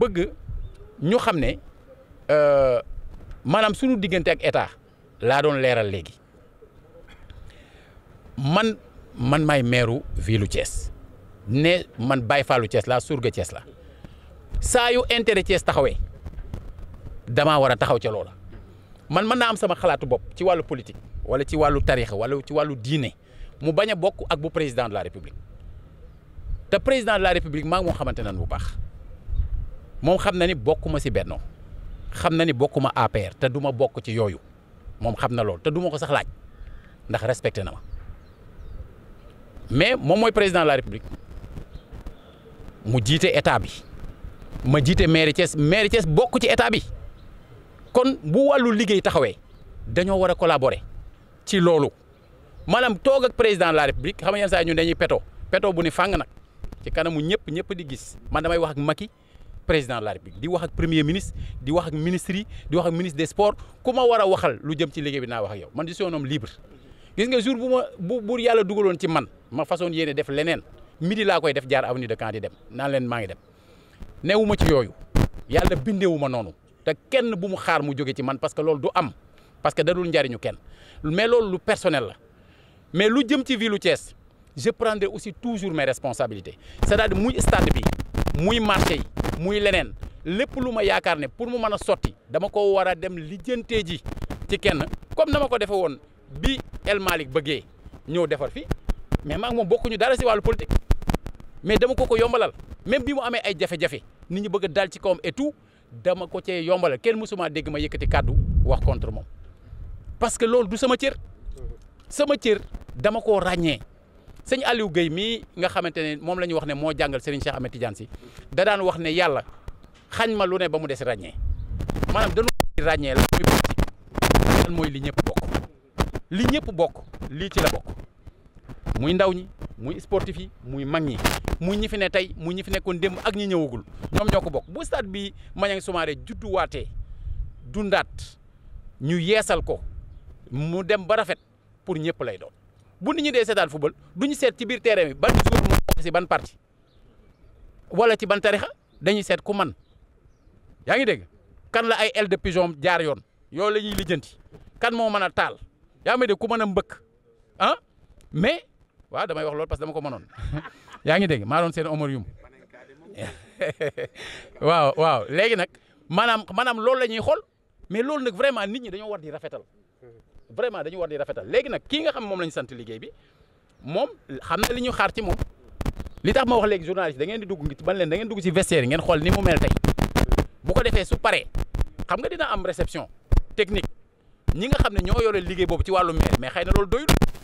bëgg ñu xam ne euh, maanaam suñu diggante ak état laa doon leeral léegi man man maay meeru ville cees ne man Baye Fallou Thiès laa surga cees la saa yu intérêt taxawee damaa war a taxaw ca loola man mën naa am sama xalaatu bopp ci wàllu politique wala ci wàllu tarixa wala ci wàllu diine mu bañ a bokk ak bu président de la république te président de la république maa ngi moo xamante nan bu baax moom xam na ni bokkuma si Benno xam na ni bokkuma APR te duma bokk ci yooyu moom xam na loolu te du ma ko sax laaj ndax respecté na ma mais moom mooy président la république mu jiite état bi ma jiite mairie Thiès mairie Thiès bokk ci état bi kon bu wàllu liggéey taxawee dañoo war a collaborer ci loolu maanaam toog ak président la république xam nga yenn saa ñun dañuy peto peto bu ni fàng nag ci kanamu ñëpp ñëpp di gis man damay wax ak Macky président de la république di wax ak premier ministre di wax ak ministre yi wax ak ministre des ku ma war a waxal lu jëm ci liggéey bi naa wax ak yow man di son homme libre gis nga jour bu ma bu buur yàlla dugaloon ci man ma façon yéene def leneen midi laa koy def jaar ni de Caen di dem naa leen maa ngi dem newuma ci yooyu yàlla bindewuma noonu te kenn bu mu xaar mu jóge ci man parce que loolu du am parce que dadul njariñu kenn mais loolu lu personnel la mais lu jëm ci ville lu je prendrai aussi toujours mes responsabilités cest à muy stade muy leneen lépp lu ma yaakaar ne pour mu mën a sotti dama ko war a dem lijjantee ji ci kenn comme na ma ko defee woon bi El Malick bëggee ñëw defar fi mais mag moom bokkuñu dara si wàllu politique mais dama ko ko yombalal même bi mu amee ay jafe-jafe nit ñi bëgg dal ci kawam et dama ko cee yombalal kenn mësuma dégg ma yëkkati kàddu wax contre moom parce que loolu du sama cër sama cër dama ko ràññee sëñ Aliou géy mii nga xamante ne moom la ñu wax ne moo jàngal Serigne Cheikh Ahmed Tidiane Sy da daan wax ne yàlla xañ ma lu ne ba mu des ràññee maanaam dañu ràññee la muy mooy li ñëpp bokk li ñëpp bokk lii ci la bokk muy ndaw ñi muy sportif yi muy mag ñi muy ñi fi ne tey muy ñi fi nekkoon démb ak ñi ñëwagul ñoom ñoo ko bokk bu stade bi Maniang Soumaré judduwaatee dundaat ñu yeesal ko mu dem ba rafet pour ñëpp lay doon bu nit ñi dee seetaan football du ñu seet ci biir terrain bi ban jour moo bokk si ban parti wala ci ban tarixa dañuy seet ku man yaa ngi dégg kan la ay aile de pigeon jaar yoon yoo la ñuy lijjanti kan moo mën a taal yaa ngi dégg ku mën a mbëkk ah mais waaw damay wax loolu parce que dama ko mënoon yaa ngi dégg maa doon seen Omar Youm waaw waaw léegi nag maanaam maanaam loolu la ñuy xool mais loolu nag vraiment nit ñi dañoo war di rafetal vraiment dañu war di rafetal léegi nag ki nga xam moom la ñu sant liggéey bi moom xam na li ñu xaar ci moom li tax ma wax léegi journaliste da ngeen di dugg ngi ban leen da ngeen dugg ci vestiaire yi ngeen xool ni mu mel tey bu ko defee su pare xam nga dina am réception technique ñi nga xam ne ñoo yore liggéey boobu ci wàllu maire mais xëy na loolu doyul